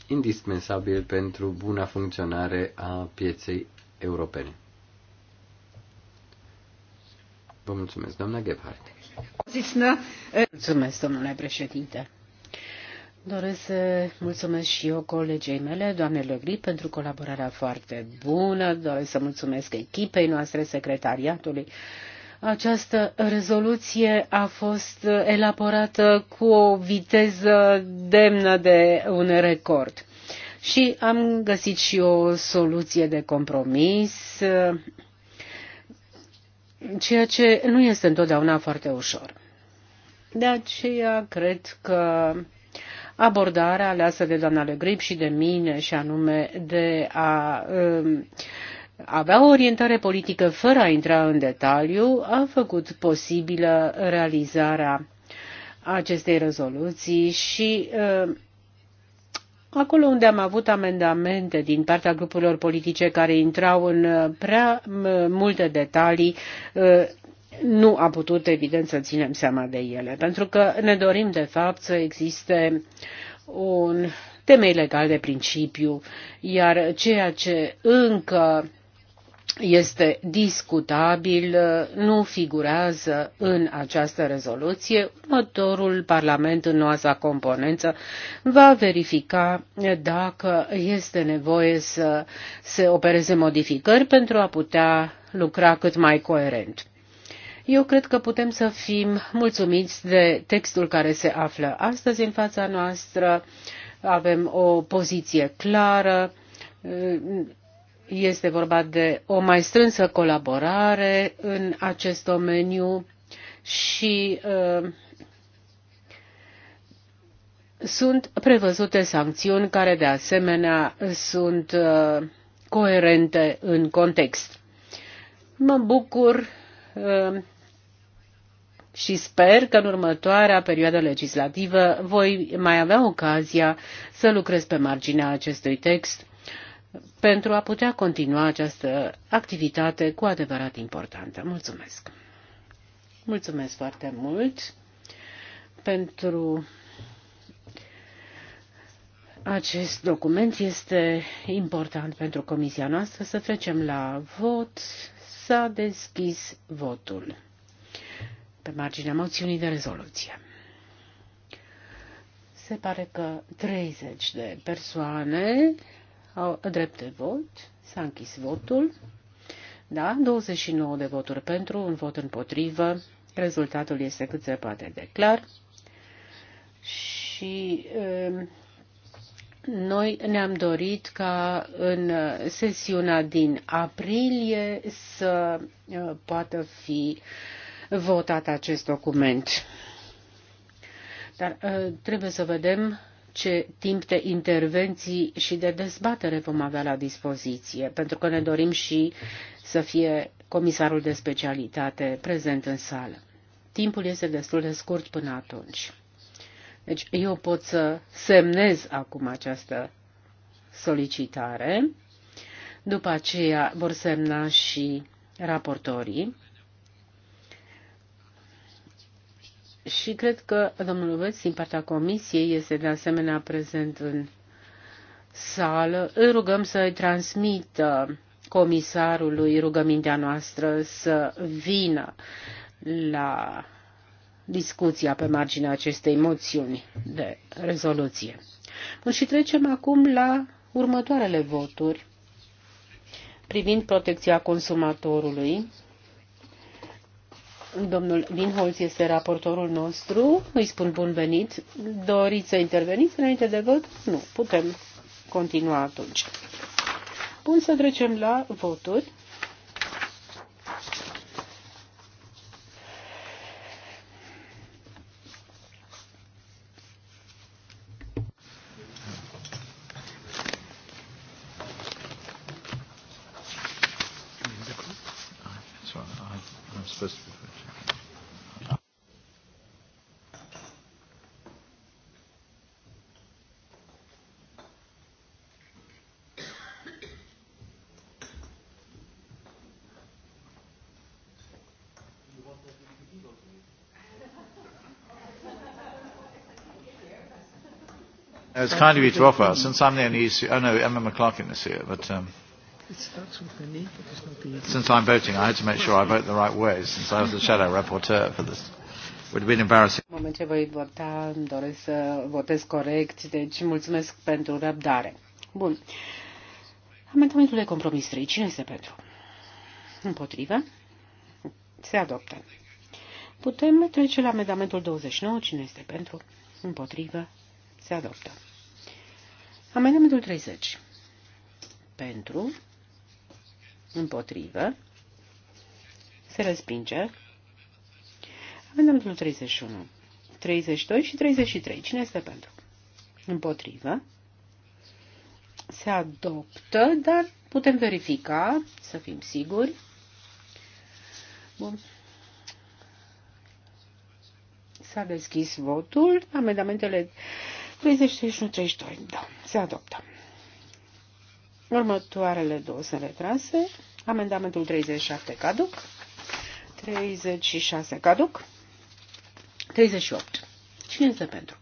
indispensabil pentru buna funcționare a pieței europene. Vă mulțumesc, doamna Gebhardt. Mulțumesc, domnule președinte. Doresc să mulțumesc și eu colegei mele, doamne Legri, pentru colaborarea foarte bună. Doresc să mulțumesc echipei noastre, secretariatului această rezoluție a fost elaborată cu o viteză demnă de un record. Și am găsit și o soluție de compromis, ceea ce nu este întotdeauna foarte ușor. De aceea cred că abordarea aleasă de doamna Le Grip și de mine, și anume de a um, avea o orientare politică fără a intra în detaliu, a făcut posibilă realizarea acestei rezoluții și uh, acolo unde am avut amendamente din partea grupurilor politice care intrau în uh, prea uh, multe detalii, nu a putut, evident, să ținem seama de ele, pentru că ne dorim, de fapt, să existe un temei legal de principiu, iar ceea ce încă este discutabil, nu figurează în această rezoluție. Următorul Parlament în noua sa componență va verifica dacă este nevoie să se opereze modificări pentru a putea lucra cât mai coerent. Eu cred că putem să fim mulțumiți de textul care se află astăzi în fața noastră. Avem o poziție clară este vorba de o mai strânsă colaborare în acest domeniu și uh, sunt prevăzute sancțiuni care de asemenea sunt uh, coerente în context. Mă bucur uh, și sper că în următoarea perioadă legislativă voi mai avea ocazia să lucrez pe marginea acestui text pentru a putea continua această activitate cu adevărat importantă. Mulțumesc! Mulțumesc foarte mult pentru acest document. Este important pentru comisia noastră să trecem la vot. S-a deschis votul pe marginea moțiunii de rezoluție. Se pare că 30 de persoane au drept de vot. S-a închis votul. Da, 29 de voturi pentru, un vot împotrivă. Rezultatul este cât se poate de clar. Și um, noi ne-am dorit ca în sesiunea din aprilie să uh, poată fi votat acest document. Dar uh, trebuie să vedem ce timp de intervenții și de dezbatere vom avea la dispoziție, pentru că ne dorim și să fie comisarul de specialitate prezent în sală. Timpul este destul de scurt până atunci. Deci eu pot să semnez acum această solicitare, după aceea vor semna și raportorii Și cred că domnul Veț, din partea comisiei, este de asemenea prezent în sală. Îl rugăm să-i transmită comisarului rugămintea noastră să vină la discuția pe marginea acestei moțiuni de rezoluție. Bun, și trecem acum la următoarele voturi privind protecția consumatorului Domnul Vinholz este raportorul nostru. Îi spun bun venit. Doriți să interveniți înainte de vot? Nu. Putem continua atunci. Bun, să trecem la voturi. It's kind of you to offer. Since I'm the only issue, oh no, Emma McClarkin is here, but um, since I'm voting, I had to make sure I vote the right way, since I was the shadow rapporteur for this. Would have been embarrassing. În moment ce voi vota, îmi doresc să votez corect, deci mulțumesc pentru răbdare. Bun. Amendamentul de compromis 3. Cine este pentru? Împotrivă? Se adoptă. Putem trece la amendamentul 29. Cine este pentru? Împotrivă? Se adoptă. Amendamentul 30. Pentru, împotrivă, se respinge. Amendamentul 31. 32 și 33. Cine este pentru? Împotrivă. Se adoptă, dar putem verifica, să fim siguri. Bun. S-a deschis votul. Amendamentele 30, 31, Da, se adoptă. Următoarele două sunt retrase. Amendamentul 37 caduc. 36 caduc. 38. Cine este pentru?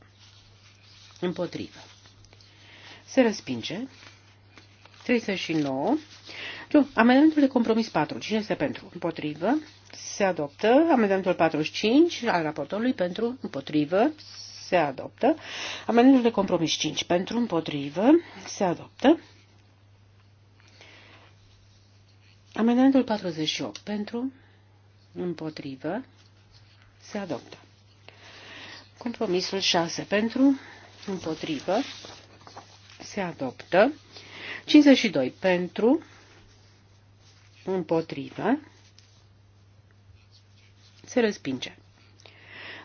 Împotrivă. Se respinge. 39. amendamentul de compromis 4. Cine este pentru? Împotrivă. Se adoptă. Amendamentul 45 al raportorului pentru împotrivă se adoptă. Amendamentul de compromis 5 pentru împotrivă se adoptă. Amendamentul 48 pentru împotrivă se adoptă. Compromisul 6 pentru împotrivă se adoptă. 52 pentru împotrivă se respinge.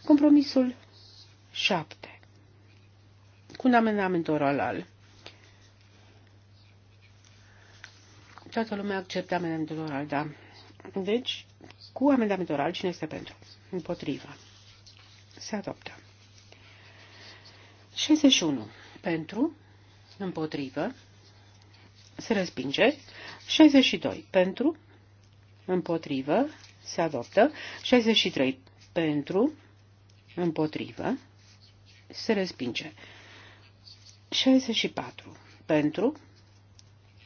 Compromisul 7. Cu un amendament oral al. Toată lumea acceptă amendamentul oral, da. Deci, cu amendament oral, cine este pentru? Împotriva. Se adoptă. 61. Pentru. Împotrivă. Se respinge. 62. Pentru. Împotrivă. Se adoptă. 63. Pentru. Împotrivă se respinge. 64. Pentru,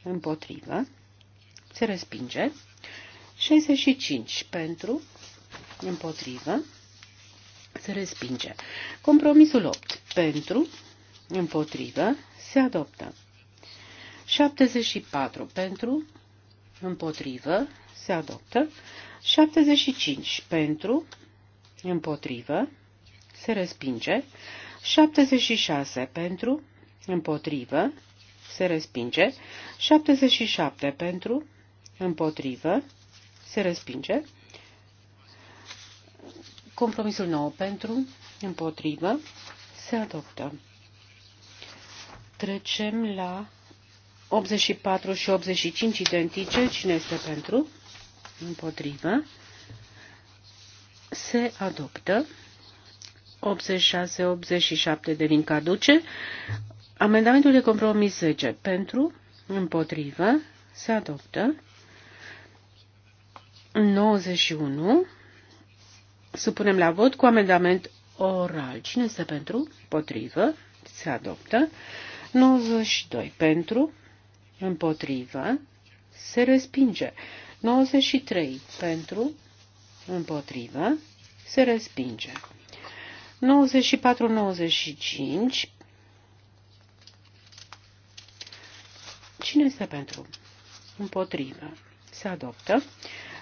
împotrivă, se respinge. 65. Pentru, împotrivă, se respinge. Compromisul 8. Pentru, împotrivă, se adoptă. 74. Pentru, împotrivă, se adoptă. 75. Pentru, împotrivă, se respinge. 76 pentru, împotrivă, se respinge. 77 pentru, împotrivă, se respinge. Compromisul nou pentru, împotrivă, se adoptă. Trecem la 84 și 85 identice. Cine este pentru? Împotrivă. Se adoptă. 86-87 devin caduce. Amendamentul de compromis 10 pentru, împotrivă, se adoptă. 91. Supunem la vot cu amendament oral. Cine este pentru? Potrivă. Se adoptă. 92. Pentru. Împotrivă. Se respinge. 93. Pentru. Împotrivă. Se respinge. 94-95. Cine este pentru? Împotrivă. Se adoptă.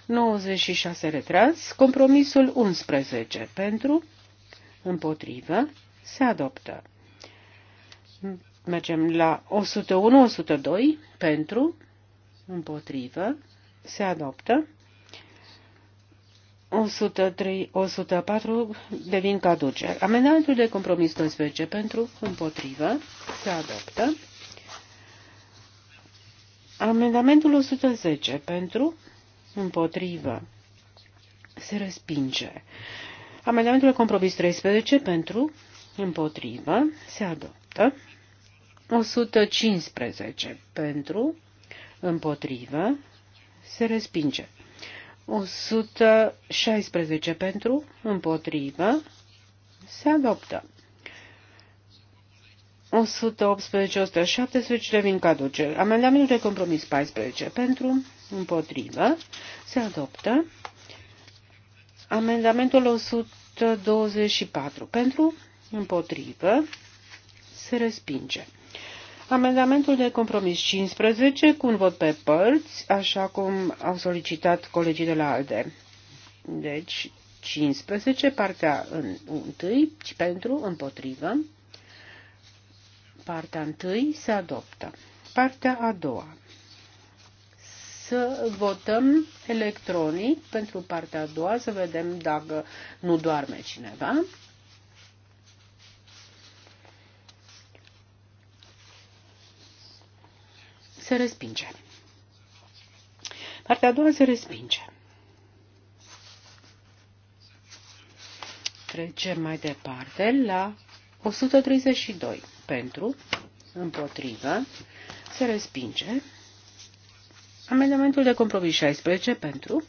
96 retras. Compromisul 11. Pentru. Împotrivă. Se adoptă. Mergem la 101-102. Pentru. Împotrivă. Se adoptă. 103, 104 devin caduce. Amendamentul de compromis 12 pentru, împotrivă, se adoptă. Amendamentul 110 pentru, împotrivă, se respinge. Amendamentul de compromis 13 pentru, împotrivă, se adoptă. 115 pentru, împotrivă, se respinge. 116 pentru, împotrivă, se adoptă. 118 117 devin caduce. Amendamentul de compromis 14 pentru, împotrivă, se adoptă. Amendamentul 124 pentru, împotrivă, se respinge. Amendamentul de compromis 15 cu un vot pe părți, așa cum au solicitat colegii de la ALDE. Deci 15, partea 1, pentru, împotrivă. Partea 1 se adoptă. Partea a doua. Să votăm electronic pentru partea a doua, să vedem dacă nu doarme cineva. se respinge. Partea a doua se respinge. Trecem mai departe la 132. Pentru, împotrivă, se respinge. Amendamentul de compromis 16 pentru,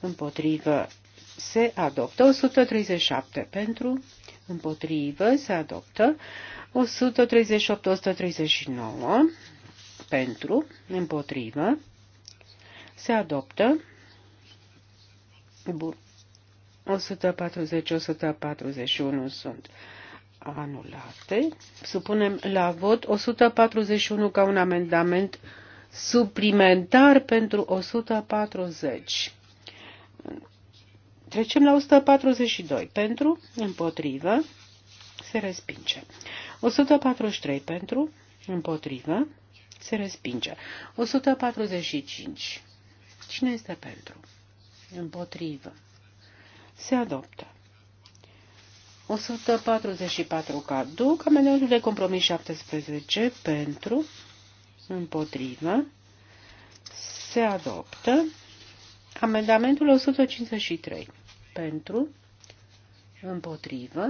împotrivă, se adoptă. 137 pentru, împotrivă, se adoptă. 138-139 pentru, împotrivă, se adoptă. 140-141 sunt anulate. Supunem la vot 141 ca un amendament suplimentar pentru 140. Trecem la 142. Pentru, împotrivă, se respinge. 143 pentru, împotrivă, se respinge. 145. Cine este pentru? Împotrivă. Se adoptă. 144 cadu, camenelul de compromis 17 pentru, împotrivă, se adoptă. Amendamentul 153 pentru, împotrivă,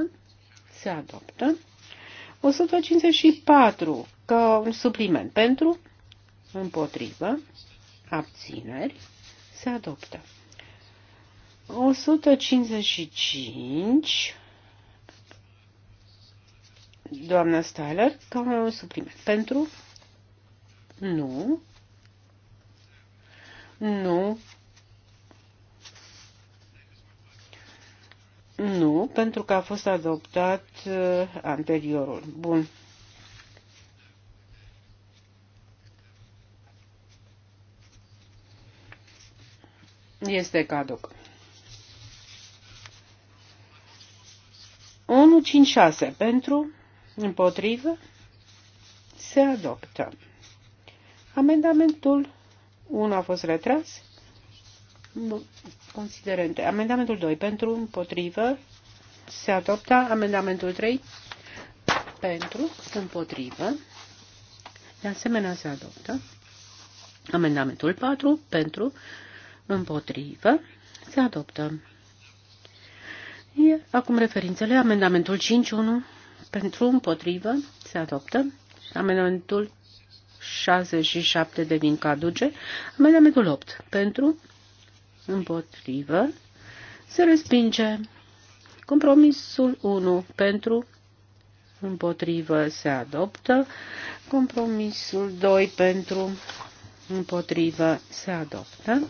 se adoptă. 154 ca un supliment pentru, împotrivă, abțineri, se adoptă. 155 doamna Styler ca un supliment pentru, nu, nu, Nu, pentru că a fost adoptat uh, anteriorul. Bun. Este caduc. 156 pentru, împotrivă, se adoptă. Amendamentul 1 a fost retras considerente. Amendamentul 2 pentru, împotrivă, se adopta. Amendamentul 3 pentru, împotrivă, de asemenea se adoptă. Amendamentul 4 pentru, împotrivă, se adoptă. Acum referințele. Amendamentul 5.1 pentru împotrivă se adoptă. Amendamentul 6 și 7 devin caduce. Amendamentul 8 pentru împotrivă, se respinge. Compromisul 1 pentru, împotrivă, se adoptă. Compromisul 2 pentru, împotrivă, se adoptă.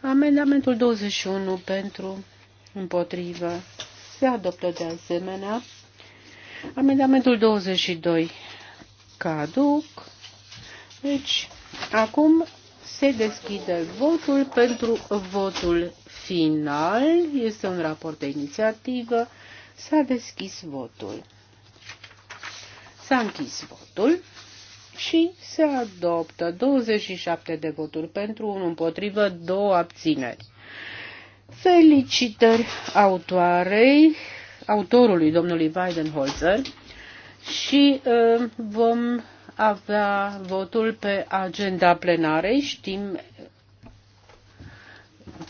Amendamentul 21 pentru, împotrivă, se adoptă de asemenea. Amendamentul 22 caduc. Deci, acum se deschide votul pentru votul final. Este un raport de inițiativă. S-a deschis votul. S-a închis votul și se adoptă 27 de voturi pentru, 1 împotrivă, 2 abțineri. Felicitări autoarei, autorului domnului Weidenholzer și uh, vom avea votul pe agenda plenarei, știm,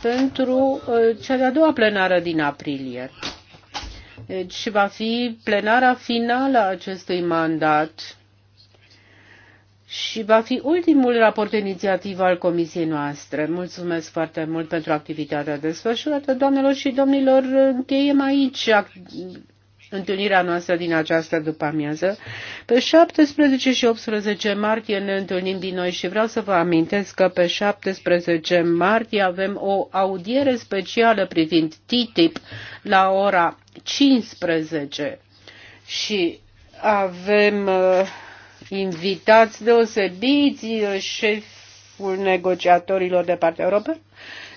pentru uh, cea de-a doua plenară din aprilie. Deci va fi plenara finală a acestui mandat și va fi ultimul raport inițiativ al comisiei noastre. Mulțumesc foarte mult pentru activitatea desfășurată. Doamnelor și domnilor, încheiem aici întâlnirea noastră din această după-amiază. Pe 17 și 18 martie ne întâlnim din noi și vreau să vă amintesc că pe 17 martie avem o audiere specială privind TTIP la ora 15 și avem uh, invitați deosebiți, uh, șeful negociatorilor de partea Europei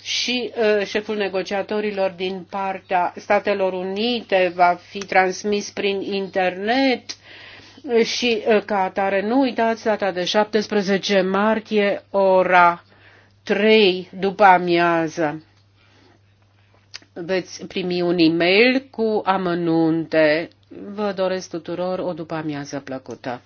și uh, șeful negociatorilor din partea Statelor Unite va fi transmis prin internet și uh, ca atare nu uitați data de 17 martie ora 3 după amiază. Veți primi un e-mail cu amănunte. Vă doresc tuturor o după amiază plăcută.